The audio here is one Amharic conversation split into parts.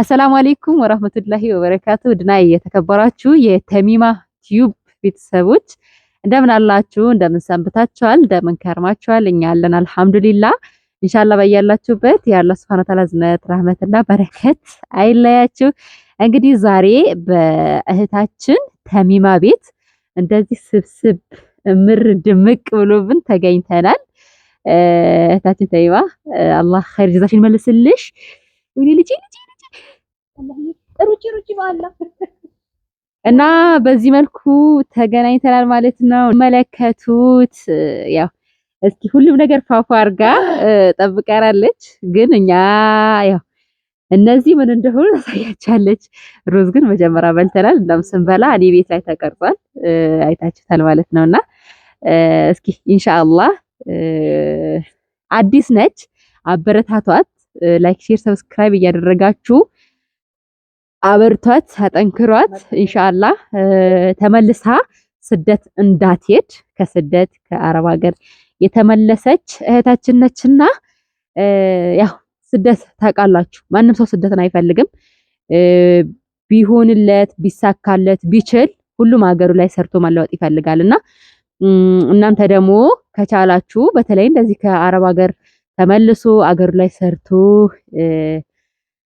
አሰላሙ አሌይኩም ወራህመቱላሂ ወበረካቱ ድና የተከበራችሁ የተሚማ ቲዩብ ቤተሰቦች እንደምን አላችሁ? እንደምን ሰንብታችኋል? እንደምን ከርማችኋል? እኛ አለን አልሐምዱሊላ። ኢንሻአላ በያላችሁበት የአላህ ሱብሃነ ወተዓላ ዝነት ረህመትና በረከት አይለያችሁ። እንግዲህ ዛሬ በእህታችን ተሚማ ቤት እንደዚህ ስብስብ እምር ድምቅ ብሎብን ተገኝተናል። እህታችን ተሚማ አላህ ኸይር ጀዛሽን መልስልሽ። ወይኔ ልጅ ልጅ ባላ እና በዚህ መልኩ ተገናኝተናል ማለት ነው። መለከቱት ያው እስኪ ሁሉም ነገር ፏፏ አርጋ ጠብቀራለች። ግን እኛ ያው እነዚህ ምን እንደሆኑ ታሳያቻለች። ሩዝ ግን መጀመሪያ በልተናል። እንደውም ስንበላ እኔ ቤት ላይ ተቀርጿል፣ አይታችሁታል ማለት ነውና እስኪ ኢንሻአላህ አዲስ ነች፣ አበረታቷት። ላይክ፣ ሼር፣ ሰብስክራይብ እያደረጋችሁ አበርቷት፣ አጠንክሯት። እንሻላ ተመልሳ ስደት እንዳትሄድ ከስደት ከአረብ ሀገር የተመለሰች እህታችን ነችና ያው ስደት ታውቃላችሁ፣ ማንም ሰው ስደትን አይፈልግም። ቢሆንለት ቢሳካለት ቢችል ሁሉም ሀገሩ ላይ ሰርቶ መለወጥ ይፈልጋልና እናንተ ደግሞ ከቻላችሁ በተለይ እንደዚህ ከአረብ ሀገር ተመልሶ አገሩ ላይ ሰርቶ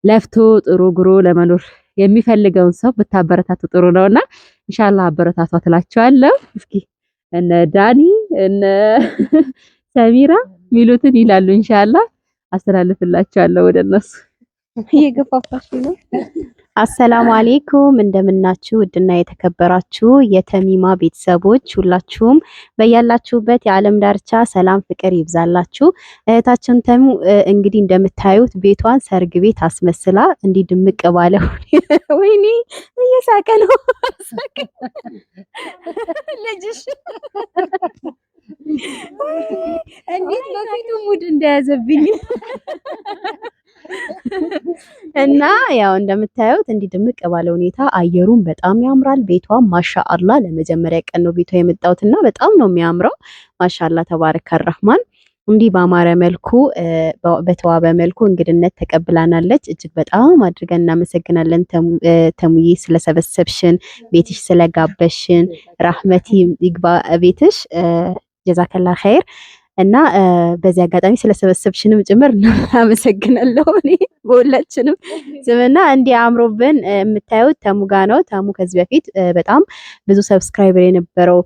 ለፍቶ ጥሩ ግሮ ለመኖር የሚፈልገውን ሰው ብታበረታቱ ጥሩ ነውና ኢንሻአላህ አበረታቷ ትላቸዋለሁ እስኪ እነ ዳኒ እነ ሰሚራ ሚሉትን ይላሉ። ኢንሻአላህ አስተላልፍላቸዋለሁ ወደ እነሱ እየገፋፋሽ ነው። አሰላሙ አሌይኩም እንደምናችሁ ውድና የተከበራችሁ የተሚማ ቤተሰቦች ሁላችሁም በያላችሁበት የዓለም ዳርቻ ሰላም ፍቅር ይብዛላችሁ። እህታችን ተሙ እንግዲህ እንደምታዩት ቤቷን ሰርግ ቤት አስመስላ እንዲህ ድምቅ ባለ ወይኔ እየሳቀ ነው ልጅሽ እንዴት በፊቱ ሙድ እንደያዘብኝ እና ያው እንደምታዩት እንዲህ ድምቅ ባለ ሁኔታ አየሩን በጣም ያምራል። ቤቷም ማሻአላ ለመጀመሪያ ቀን ነው ቤቷ የመጣሁት እና በጣም ነው የሚያምረው። ማሻአላ ተባረከ ረህማን እንዲህ በአማረ መልኩ በተዋበ መልኩ እንግድነት ተቀብላናለች። እጅግ በጣም አድርገን እናመሰግናለን ተሙዬ፣ ስለሰበሰብሽን፣ ቤትሽ ስለጋበሽን፣ ራህመቲ ይግባ ቤትሽ። ጀዛከላ ኸይር እና በዚህ አጋጣሚ ስለሰበሰብሽንም ጭምር አመሰግናለሁ። እኔ በሁላችንም ስምና እንዲህ አምሮብን የምታዩት ተሙ ጋ ነው። ተሙ ከዚህ በፊት በጣም ብዙ ሰብስክራይበር የነበረው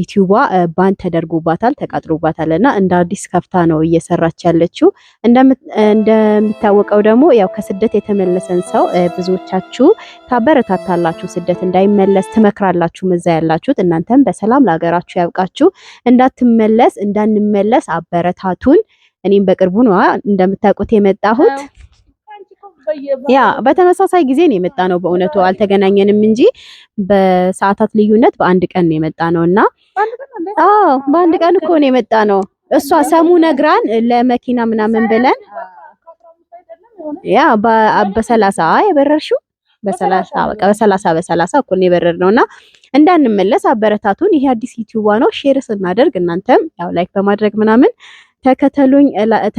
ዩቲዩቧ ባን ተደርጎባታል፣ ተቃጥሮባታል እና እንደ አዲስ ከፍታ ነው እየሰራች ያለችው። እንደሚታወቀው ደግሞ ያው ከስደት የተመለሰን ሰው ብዙዎቻችሁ ታበረታታላችሁ፣ ስደት እንዳይመለስ ትመክራላችሁ። እዛ ያላችሁት እናንተም በሰላም ለሀገራችሁ ያብቃችሁ፣ እንዳትመለስ እንዳንመለስ እንድንመለስ አበረታቱን። እኔም በቅርቡ ነው እንደምታውቁት የመጣሁት። ያ በተመሳሳይ ጊዜ ነው የመጣ ነው። በእውነቱ አልተገናኘንም እንጂ በሰዓታት ልዩነት በአንድ ቀን ነው የመጣ ነው እና አዎ በአንድ ቀን እኮ ነው የመጣ ነው። እሷ ሰሙ ነግራን ለመኪና ምናምን ብለን ያ በሰላሳ የበረርሽው በሰላሳ በሰላሳ በሰላሳ እኮ ነው እና እንዳንመለስ አበረታቱን። ይሄ አዲስ ዩቲዩብ ነው። ሼር ስናደርግ እናንተም ያው ላይክ በማድረግ ምናምን ተከተሉኝ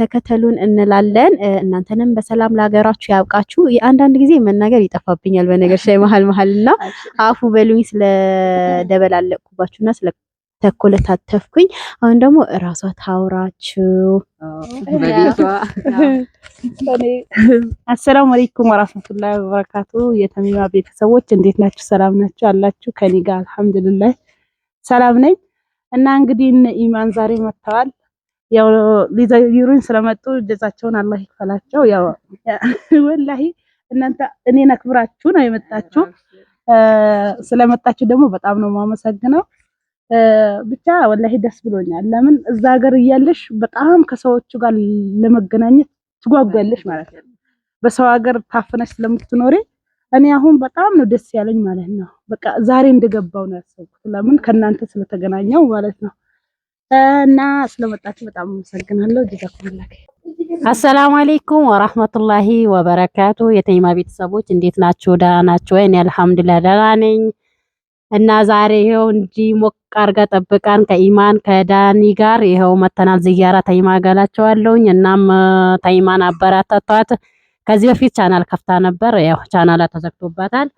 ተከተሉን እንላለን። እናንተንም በሰላም ለሀገራችሁ ያብቃችሁ። አንዳንድ ጊዜ መናገር ይጠፋብኛል በነገር ላይ መሀል መሀል እና አፉ በሉኝ ስለደበላለቅኩባችሁና ስለ ተኮለታተፍኩኝ። አሁን ደግሞ እራሷ ታውራችሁ። አሰላሙ አለይኩም ወራህመቱላሂ ወበረካቱ። የተሚማ ቤተሰቦች እንዴት ናችሁ? ሰላም ናችሁ አላችሁ? ከኔ ጋር አልሐምዱሊላህ ሰላም ነኝ። እና እንግዲህ እነ ኢማን ዛሬ መጥተዋል። ያው ሊዘይሩኝ ስለመጡ ጀዛቸውን አላህ ይክፈላቸው። ያው ወላሂ እናንተ እኔን አክብራችሁ ነው የመጣችሁ። ስለመጣችሁ ደግሞ በጣም ነው የማመሰግነው። ብቻ ወላሂ ደስ ብሎኛል። ለምን እዛ ሀገር እያለሽ በጣም ከሰዎቹ ጋር ለመገናኘት ትጓጓለሽ ማለት ነው። በሰው ሀገር ታፍነሽ ስለምትኖሪ እኔ አሁን በጣም ነው ደስ ያለኝ ማለት ነው። በቃ ዛሬ እንደገባው ነው ያሰብኩት፣ ለምን ከእናንተ ስለተገናኘው ማለት ነው። እና ስለመጣችሁ በጣም አመሰግናለሁ። ጀዛኩምላክ። አሰላሙ አሌይኩም ወራህመቱላሂ ወበረካቱ። የተይማ ቤተሰቦች እንዴት ናችሁ? ደህና ናችሁ ወይ? እኔ አልሐምዱሊላህ ደህና ነኝ። እና ዛሬ ይኸው እንጂ ሞቅ አርጋ ጠብቃን ከኢማን ከዳኒ ጋር ይኸው መተናል። ዝያራ ታይማ ገላቸዋለሁኝ። እናም ታይማን አበራታቷት። ከዚህ በፊት ቻናል ከፍታ ነበር። ያው ቻናላ ተዘግቶባታል።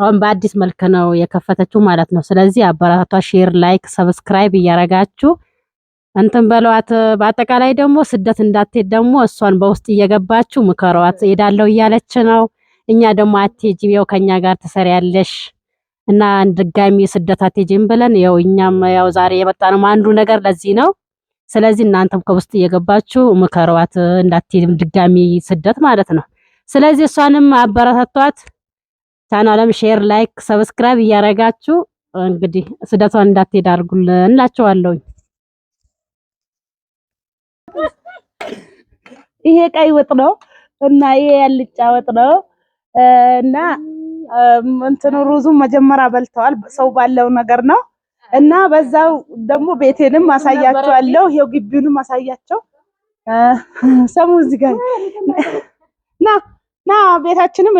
አሁን በአዲስ መልክ ነው የከፈተችው ማለት ነው። ስለዚህ አበራታቷ፣ ሼር፣ ላይክ፣ ሰብስክራይብ እያረጋችሁ እንትን በለዋት። በአጠቃላይ ደግሞ ስደት እንዳትሄድ ደግሞ እሷን በውስጥ እየገባችሁ ምከሯት። ሄዳለው እያለች ነው። እኛ ደግሞ አትሄጂ፣ ያው ከኛ ጋር ትሰሪያለሽ እና ድጋሚ ስደት አትሄጂም ብለን ያው እኛም ያው ዛሬ የመጣነው አንዱ ነገር ለዚህ ነው። ስለዚህ እናንተም ከውስጥ እየገባችሁ ምከሯት እንዳትሄድም ድጋሚ ስደት ማለት ነው። ስለዚህ እሷንም አበረታቷት። ቻናሉም ሼር፣ ላይክ፣ ሰብስክራይብ እያረጋችሁ እንግዲህ ስደቷን እንዳትሄድ አድርጉልን እንላችኋለሁ። ይሄ ቀይ ወጥ ነው እና ይሄ ያልጫ ወጥ ነው እና እንትኑ ሩዙ መጀመሪያ በልተዋል። ሰው ባለው ነገር ነው እና በዛው ደግሞ ቤቴንም አሳያቸዋለሁ። ይሄው ግቢውንም አሳያቸው። ሰሙ እዚህ ጋር ና ና ቤታችንም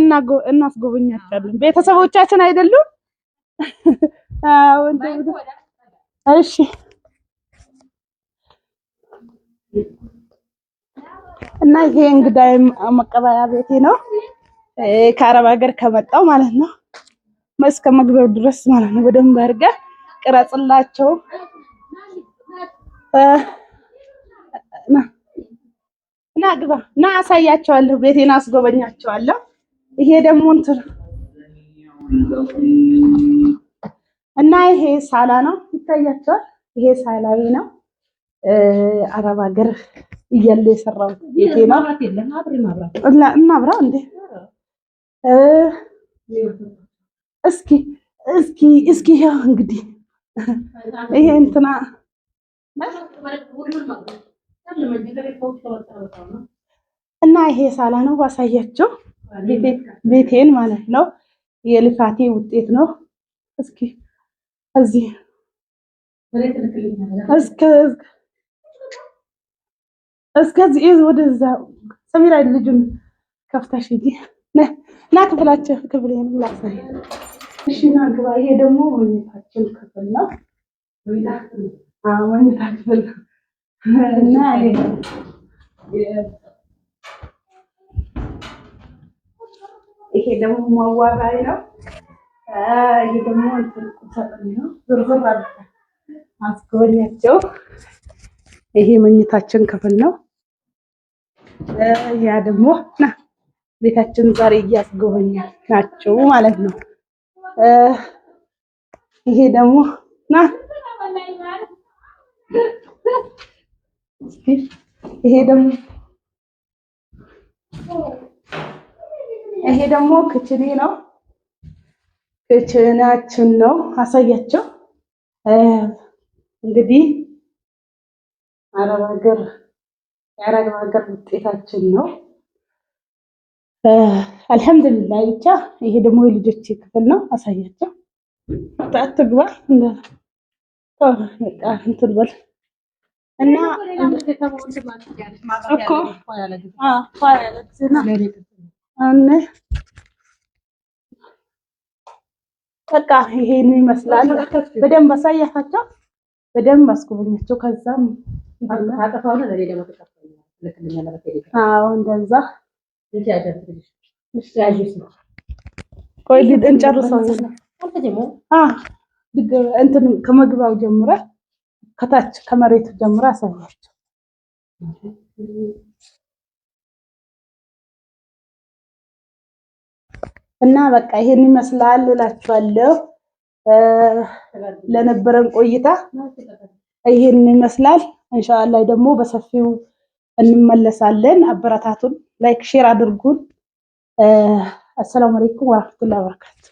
እናስጎበኛቸዋለን። ቤተሰቦቻችን አይደሉም? እሺ እና ይሄ እንግዳ መቀበያ ቤቴ ነው። ከአረብ ሀገር ከመጣው ማለት ነው እስከ መግቢያው ድረስ ማለት ነው በደንብ አድርጋ ቅረጽላቸው እና ግባ ና አሳያቸዋለሁ፣ ቤቴን አስጎበኛቸዋለሁ። ይሄ ደግሞ እንትን እና ይሄ ሳላ ነው ይታያቸዋል። ይሄ ሳላዊ ነው አረብ ሀገር እያለ የሰራው ቤቴ ነው። እናብራ እንዴ እስኪ እስኪ እስኪ ያው እንግዲህ ይሄ እንትና እና ይሄ ሳላ ነው ባሳያቸው ቤቴን ማለት ነው። የልፋቴ ውጤት ነው። እስኪ እዚህ እስከዚህ ወደዛ ሰሚራ ልጁን ከፍታሽ ሂጂ ክፍላችን ክፍል ላሳይ። እሺና ግባ። ይሄ ደግሞ መኝታችን ክፍል ነው። መኝታ ክፍል እና ይሄ ደግሞ መዋራይ ነው። ይሄ ደግሞ ነው። ዝርዝር አስጎብኛቸው። ይሄ መኝታችን ክፍል ነው። ያ ደግሞ ና ቤታችን ዛሬ እያስጎበኙ ናቸው ማለት ነው። ይሄ ደግሞ ና ይሄ ደግሞ ይሄ ደግሞ ክችኔ ነው። ክችናችን ነው። አሳያቸው እንግዲህ አረብ ሀገር የአረብ ሀገር ውጤታችን ነው። አልሐምዱሊላ ብቻ ይሄ ደግሞ የልጆች ክፍል ነው። አሳያቸው አትግባ እንትን በል እና እኮ በቃ ይሄን ይመስላል። በደንብ አሳያታቸው፣ በደንብ አስጎበኛቸው። ከዛም እንደዛ ቆይ እንጨርሰው። እንትን ከመግቢያው ጀምረ ከታች ከመሬቱ ጀምረ አሳያቸው። እና በቃ ይሄን ይመስላል እላችኋለሁ። ለነበረን ቆይታ ይሄን ይመስላል። እንሻላ ደግሞ በሰፊው እንመለሳለን። አበረታቱን። ላይክ ሼር አድርጉን። አሰላሙ አለይኩም ወራህመቱላሂ ወበረካቱ።